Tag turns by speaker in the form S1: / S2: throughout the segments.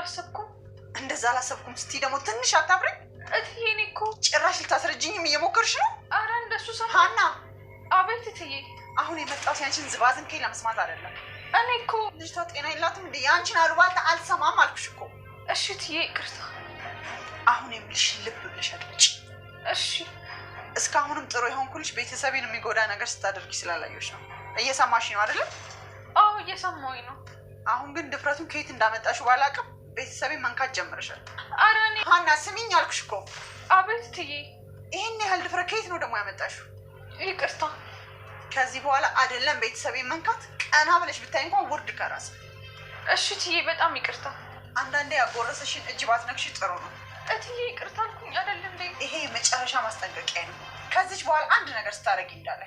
S1: አላሰብኩም። እንደዛ አላሰብኩም ስቲ ደግሞ ትንሽ አታብረኝ።
S2: እትዬ እኔ እኮ
S1: ጭራሽ ልታስረጅኝም እየሞከርሽ ነው።
S2: አረ እንደሱ ሰ ሀና። አቤት እትዬ።
S1: አሁን የመጣሁት ያንቺን ዝባዝን ከይ ለመስማት አይደለም። እኔ እኮ ልጅቷ ጤና የላትም እንደ ያንቺን አሉባልታ አልሰማም አልኩሽ እኮ።
S2: እሺ እትዬ ይቅርታ።
S1: አሁን የምልሽ ልብ ብለሽ አድምጪ እሺ። እስካሁንም ጥሩ የሆንኩልሽ ቤተሰቤን የሚጎዳ ነገር ስታደርጊ ስላላየሁሽ ነው። እየሰማሽ ነው አይደለም?
S2: አዎ እየሰማሁኝ ነው።
S1: አሁን ግን ድፍረቱን ከየት እንዳመጣሽው ባላቅም ቤተሰቤ መንካት ጀምረሻል። ኧረ እኔ ሀና ስሚኝ አልኩሽ እኮ። አቤት እትዬ። ይህን ያህል ድፍረት ከየት ነው ደግሞ ያመጣሽው? ይቅርታ። ከዚህ በኋላ አይደለም ቤተሰቤ መንካት፣ ቀና ብለሽ ብታይ እንኳን ውርድ ከራስ።
S2: እሺ ትዬ፣ በጣም ይቅርታ።
S1: አንዳንዴ ያጎረሰሽን እጅ ባትነክሽ ጥሩ ነው።
S2: እትዬ ይቅርታ አልኩኝ አይደለም።
S1: ይሄ የመጨረሻ ማስጠንቀቂያ ነው። ከዚች በኋላ አንድ ነገር ስታደርጊ እንዳለ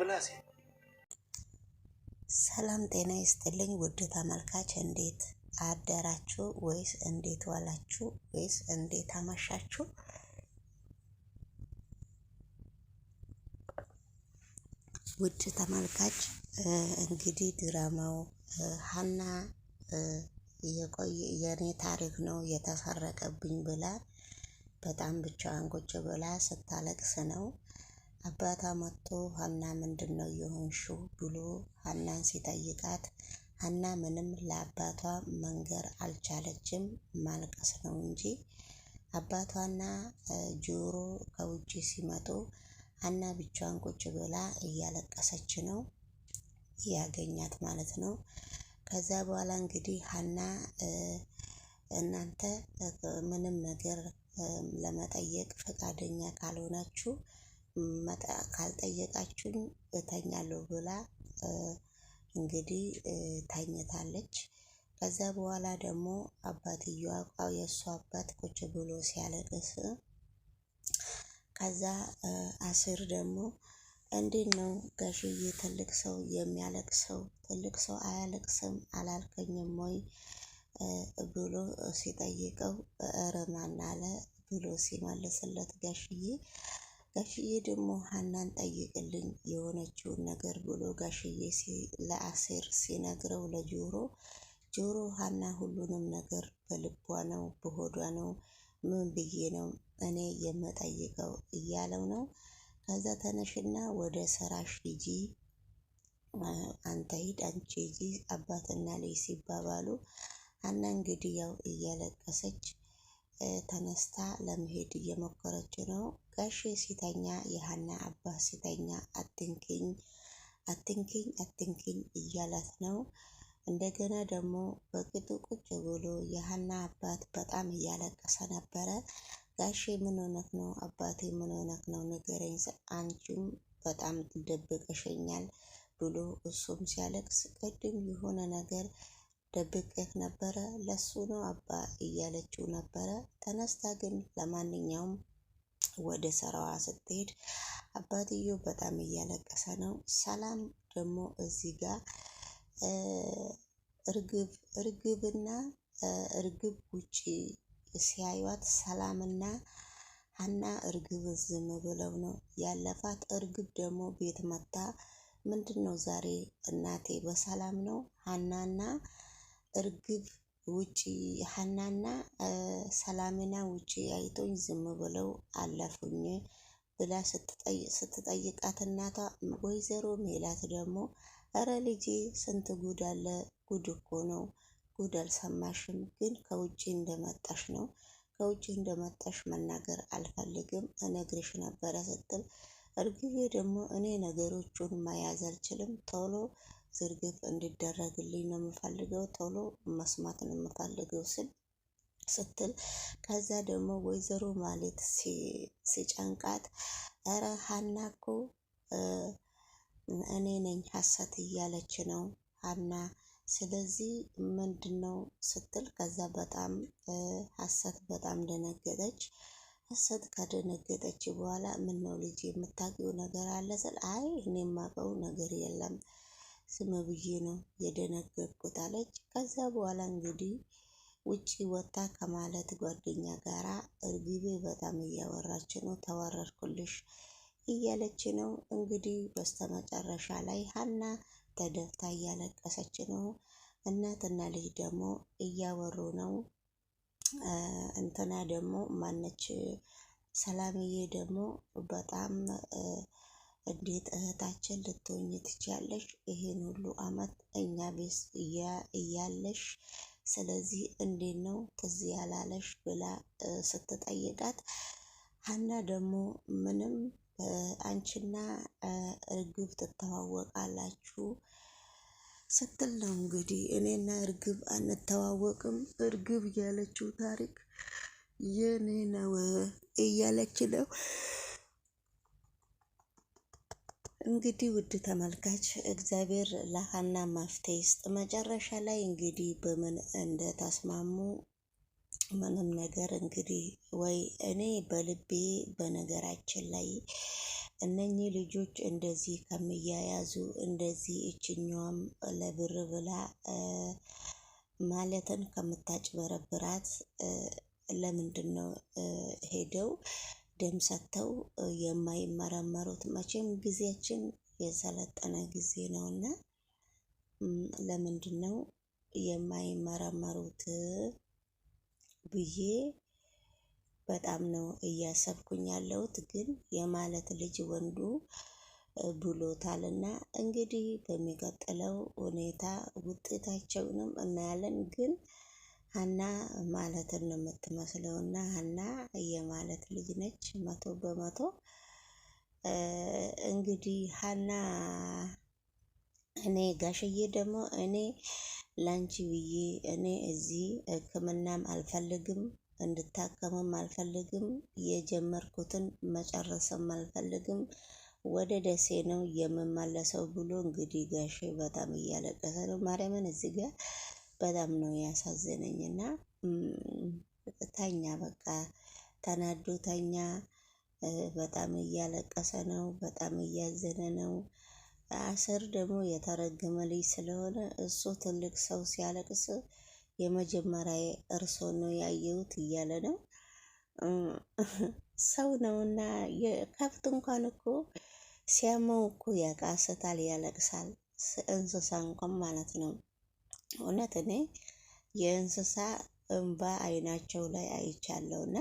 S3: ምላሴ። ሰላም ጤና ይስጥልኝ ውድ ተመልካች፣ እንዴት አደራችሁ ወይስ እንዴት ዋላችሁ ወይስ እንዴት አመሻችሁ? ውድ ተመልካች እንግዲህ ድራማው ሀና የቆየ የእኔ ታሪክ ነው የተሰረቀብኝ ብላ በጣም ብቻዋን ቁጭ ብላ ስታለቅስ ነው። አባቷ መጥቶ ሀና ምንድን ነው የሆንሽው ብሎ ሀናን ሲጠይቃት ሀና ምንም ለአባቷ መንገር አልቻለችም። ማልቀስ ነው እንጂ አባቷና ጆሮ ከውጭ ሲመጡ ሀና ብቻዋን ቁጭ ብላ እያለቀሰች ነው ያገኛት ማለት ነው። ከዛ በኋላ እንግዲህ ሀና እናንተ ምንም ነገር ለመጠየቅ ፈቃደኛ ካልሆናችሁ ካልጠየቃችሁኝ እተኛለሁ ብላ እንግዲህ ተኝታለች። ከዛ በኋላ ደግሞ አባትየዋ የእሱ አባት ቁጭ ብሎ ሲያለቅስ ከዛ አስር ደግሞ እንዴት ነው ጋሽዬ ትልቅ ሰው የሚያለቅሰው? ትልቅ ሰው አያለቅስም አላልከኝም ወይ ብሎ ሲጠይቀው ኧረ ማን አለ ብሎ ሲመልስለት ጋሽዬ ጋሽዬ ደግሞ ሀናን ጠይቅልኝ የሆነችውን ነገር ብሎ ጋሽዬ ለአሴር ሲነግረው ለጆሮ ጆሮ ሀና ሁሉንም ነገር በልቧ ነው በሆዷ ነው ምን ብዬ ነው እኔ የምጠይቀው እያለው ነው። ከዛ ተነሽና ወደ ሰራሽ ሂጂ፣ አንተ ሂድ፣ አንቺ ሂጂ አባትና ልጅ ሲባባሉ ሀና እንግዲህ ያው እያለቀሰች ተነስታ ለመሄድ እየሞከረች ነው። ጋሼ ሲተኛ የሀና አባ ሲተኛ አትንኪኝ አትንኪኝ አትንኪኝ እያላት ነው። እንደገና ደግሞ በቅጡ ቁጭ ብሎ የሀና አባት በጣም እያለቀሰ ነበረ። ጋሼ ምን ሆነክ ነው? አባቴ ምን ሆነክ ነው? ንገረኝ፣ አንቺም በጣም ደብቀሽኛል ብሎ እሱም ሲያለቅስ ቅድም የሆነ ነገር ደብቄት ነበረ ለሱ ነው አባ እያለችው ነበረ። ተነስታ ግን ለማንኛውም ወደ ስራዋ ስትሄድ አባትዮ በጣም እያለቀሰ ነው። ሰላም ደግሞ እዚህ ጋር እርግብ እርግብና እርግብ ውጪ ሲያዩት ሰላምና ሀና እርግብ ዝም ብለው ነው ያለፋት። እርግብ ደግሞ ቤት መታ ምንድን ነው ዛሬ እናቴ በሰላም ነው ሀናና እርግብ ውጪ ሀናና ሰላምና ውጪ አይቶኝ ዝም ብለው አለፉኝ ብላ ስትጠይቃት እናቷ ወይዘሮ ሜላት ደግሞ እረ ልጄ ስንት ጉድ አለ። ጉድ እኮ ነው። ጉድ አልሰማሽም፣ ግን ከውጭ እንደመጣሽ ነው። ከውጭ እንደመጣሽ መናገር አልፈልግም፣ እነግርሽ ነበረ ስትል እርግቤ ደግሞ እኔ ነገሮቹን መያዝ አልችልም ቶሎ ዝርግፍ እንዲደረግልኝ ነው የምፈልገው፣ ቶሎ መስማት ነው የምፈልገው ስል ስትል ከዛ ደግሞ ወይዘሮ ማለት ሲጨንቃት እረ ሀና እኮ እኔ ነኝ ሀሰት እያለች ነው ሀና ስለዚህ ምንድን ነው ስትል ከዛ በጣም ሀሰት በጣም ደነገጠች። ሀሰት ከደነገጠች በኋላ ምን ነው ልጅ የምታውቂው ነገር አለ ስል አይ እኔ የማውቀው ነገር የለም ዝም ብዬ ነው የደነገጥኩት አለች። ከዛ በኋላ እንግዲህ ውጪ ወጣ ከማለት ጓደኛ ጋራ እርግቤ በጣም እያወራች ነው፣ ተዋረድኩልሽ እያለች ነው። እንግዲህ በስተመጨረሻ ላይ ሀና ተደፍታ እያለቀሰች ነው። እናትና ልጅ ደግሞ እያወሩ ነው። እንትና ደግሞ ማነች ሰላምዬ ደግሞ በጣም እንዴት እህታችን ልትሆኝ ትችያለሽ? ይሄን ሁሉ አመት እኛ ቤት እያለሽ ስለዚህ እንዴት ነው ትዝ ያላለሽ ብላ ስትጠይቃት ሀና ደግሞ ምንም አንቺና እርግብ ትተዋወቃላችሁ ስትል ነው እንግዲህ እኔና እርግብ አንተዋወቅም፣ እርግብ እያለችው ታሪክ የኔ ነው እያለች ነው። እንግዲህ ውድ ተመልካች እግዚአብሔር ለሀና መፍትሄ ይስጥ። መጨረሻ ላይ እንግዲህ በምን እንደተስማሙ ምንም ነገር እንግዲህ ወይ እኔ በልቤ በነገራችን ላይ እነኚህ ልጆች እንደዚህ ከሚያያዙ እንደዚህ እችኛዋም ለብር ብላ ማለትን ከምታጭበረብራት ለምንድን ነው ሄደው ደም ሰጥተው የማይመረመሩት መቼም ጊዜያችን የሰለጠነ ጊዜ ነውና ለምንድን ነው የማይመረመሩት ብዬ በጣም ነው እያሰብኩኝ ያለሁት። ግን የማለት ልጅ ወንዱ ብሎታል እና እንግዲህ በሚቀጥለው ሁኔታ ውጤታቸውንም እናያለን ግን ሀና ማለትን ነው የምትመስለው እና ሀና የማለት ልጅ ነች መቶ በመቶ እንግዲህ ሀና እኔ ጋሽዬ ደግሞ እኔ ላንቺ ብዬ እኔ እዚህ ሕክምናም አልፈልግም እንድታከምም አልፈልግም የጀመርኩትን መጨረስም አልፈልግም ወደ ደሴ ነው የምመለሰው ብሎ እንግዲህ ጋሽ በጣም እያለቀሰ ነው ማርያምን እዚህ ጋር በጣም ነው እና ተኛ በቃ ተናዶ ተኛ። በጣም እያለቀሰ ነው። በጣም እያዘነ ነው። አስር ደግሞ የተረገመ ልጅ ስለሆነ እሱ ትልቅ ሰው ሲያለቅስ የመጀመሪያ እርሶ ነው ያየሁት እያለ ነው። ሰው ነውና ከብት እንኳን እኮ ሲያመው እኮ ያቃስታል፣ ያለቅሳል። እንስሳ እንኳን ማለት ነው። እውነት እኔ የእንስሳ እንባ አይናቸው ላይ እና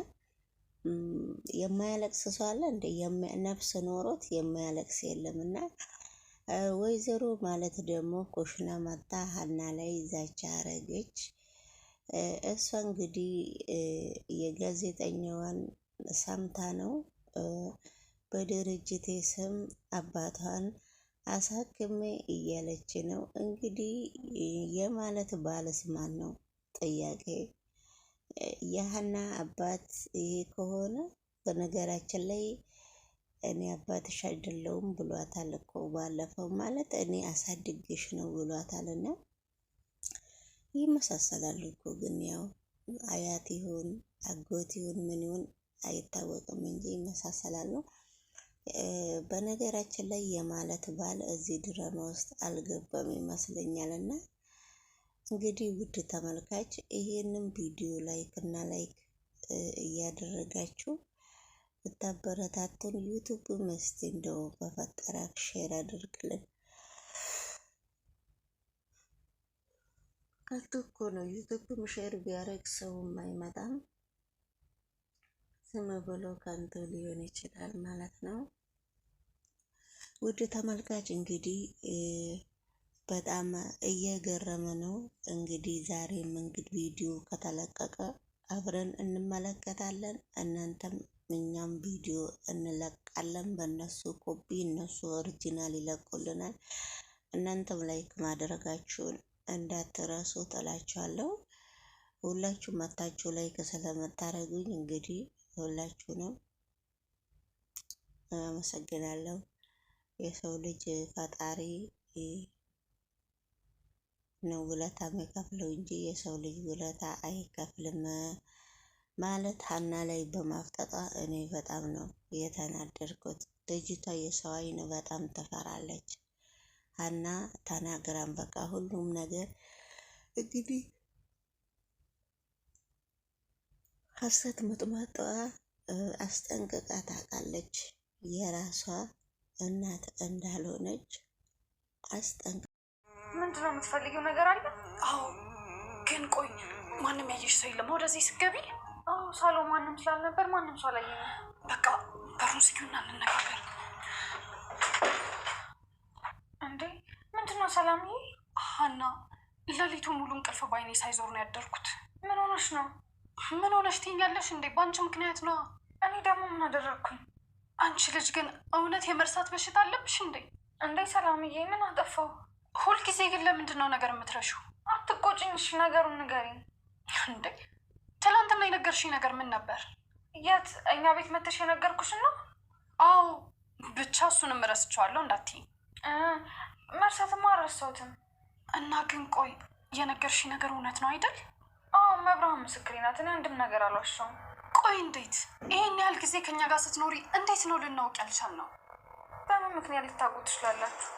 S3: የማያለቅስ ሰው አለ እንደ ነፍስ ኖሮት የማያለቅስ የለም እና ወይዘሮ ማለት ደግሞ ኮሽና መጣ ሀና ላይ ዛቻ አረገች። እሷ እንግዲህ የጋዜጠኛዋን ሰምታ ነው በድርጅቴ ስም አባቷን አሳክሜ እያለች ነው። እንግዲህ የማለት ባለስ ማን ነው? ጥያቄ የሀና አባት ይሄ ከሆነ በነገራችን ላይ እኔ አባትሽ አይደለሁም ብሏታል እኮ ባለፈው፣ ማለት እኔ አሳድግሽ ነው ብሏታል። እና ይመሳሰላሉ እኮ ግን ያው አያት ይሁን አጎት ይሁን ምን ይሁን አይታወቅም እንጂ ይመሳሰላሉ። በነገራችን ላይ የማለት ባል እዚህ ድረማ ውስጥ አልገባም ይመስለኛል። እና እንግዲህ ውድ ተመልካች ይህንን ቪዲዮ ላይክ እና ላይክ እያደረጋችሁ ብታበረታቱን ዩቱብ መስቲ እንደው በፈጠራክ ሼር አድርግልን። ከቱ እኮ ነው ዩቱብም ሼር ቢያደርግ ሰውም አይመጣም። ዝም ብሎ ከንቱ ሊሆን ይችላል ማለት ነው። ውድ ተመልካች እንግዲህ በጣም እየገረመ ነው። እንግዲህ ዛሬም እንግዲህ ቪዲዮ ከተለቀቀ አብረን እንመለከታለን። እናንተም እኛም ቪዲዮ እንለቃለን። በእነሱ ኮፒ እነሱ ኦሪጂናል ይለቁልናል። እናንተም ላይክ ማድረጋችሁን እንዳትረሱ እላችኋለሁ። ሁላችሁ መታችሁ ላይክ ስለምታደርጉኝ እንግዲህ ሁላችሁንም አመሰግናለሁ። የሰው ልጅ ፈጣሪ ነው ውለታ የሚከፍለው እንጂ የሰው ልጅ ውለታ አይከፍልም ማለት ሀና ላይ በማፍጠጧ እኔ በጣም ነው የተናደድኩት። ልጅቷ የሰው ዓይን በጣም ትፈራለች። ሀና ተናግራን በቃ ሁሉም ነገር እንግዲህ ሀሰት መጥማጧ አስጠንቅቃ ታውቃለች የራሷ እናት እንዳልሆነች አስጠንቅ
S2: ምንድን ነው የምትፈልጊው ነገር አለ?
S1: አዎ፣ ግን ቆይ ማንም ያየሽ ሰው የለም ወደዚህ ስገቢ?
S2: አዎ፣ ሳሎን ማንም ስላልነበር ማንም ሰው አላየኝም።
S1: በቃ በሩን ዝጊውና እንነጋገር።
S2: እንዴ ምንድን ነው ሰላምዬ?
S1: ሀና፣ ለሊቱ ሙሉ እንቅልፍ ባይኔ ሳይዞር ነው ያደርኩት። ምን ሆነሽ ነው? ምን ሆነሽ ትኛለሽ እንዴ? በአንቺ ምክንያት ነው።
S2: እኔ ደግሞ ምን አደረግኩኝ?
S1: አንቺ ልጅ ግን እውነት የመርሳት በሽታ አለብሽ እንዴ?
S2: እንዴ ሰላምዬ፣ ምን አጠፋው?
S1: ሁልጊዜ ግን ለምንድን ነው ነገር የምትረሺው?
S2: አትቆጭኝሽ፣ ነገሩን ንገሪኝ።
S1: እንዴ ትላንትና የነገርሽኝ ነገር ምን ነበር?
S2: የት እኛ ቤት መተሽ የነገርኩሽ ነው?
S1: አዎ፣ ብቻ እሱንም እረስቸዋለሁ እንዳትዪ።
S2: መርሳትማ አልረሳሁትም።
S1: እና ግን ቆይ የነገርሽኝ ነገር እውነት ነው አይደል?
S2: አዎ፣ መብርሃን ምስክሬ ናት። እኔ አንድም ነገር አልዋሻውም።
S1: ቆይ እንዴት ይሄን ያህል ጊዜ ከኛ ጋር ስትኖሪ እንዴት ነው ልናውቅ ያልቻል ነው?
S2: በምን ምክንያት ልታውቁ ትችላላችሁ?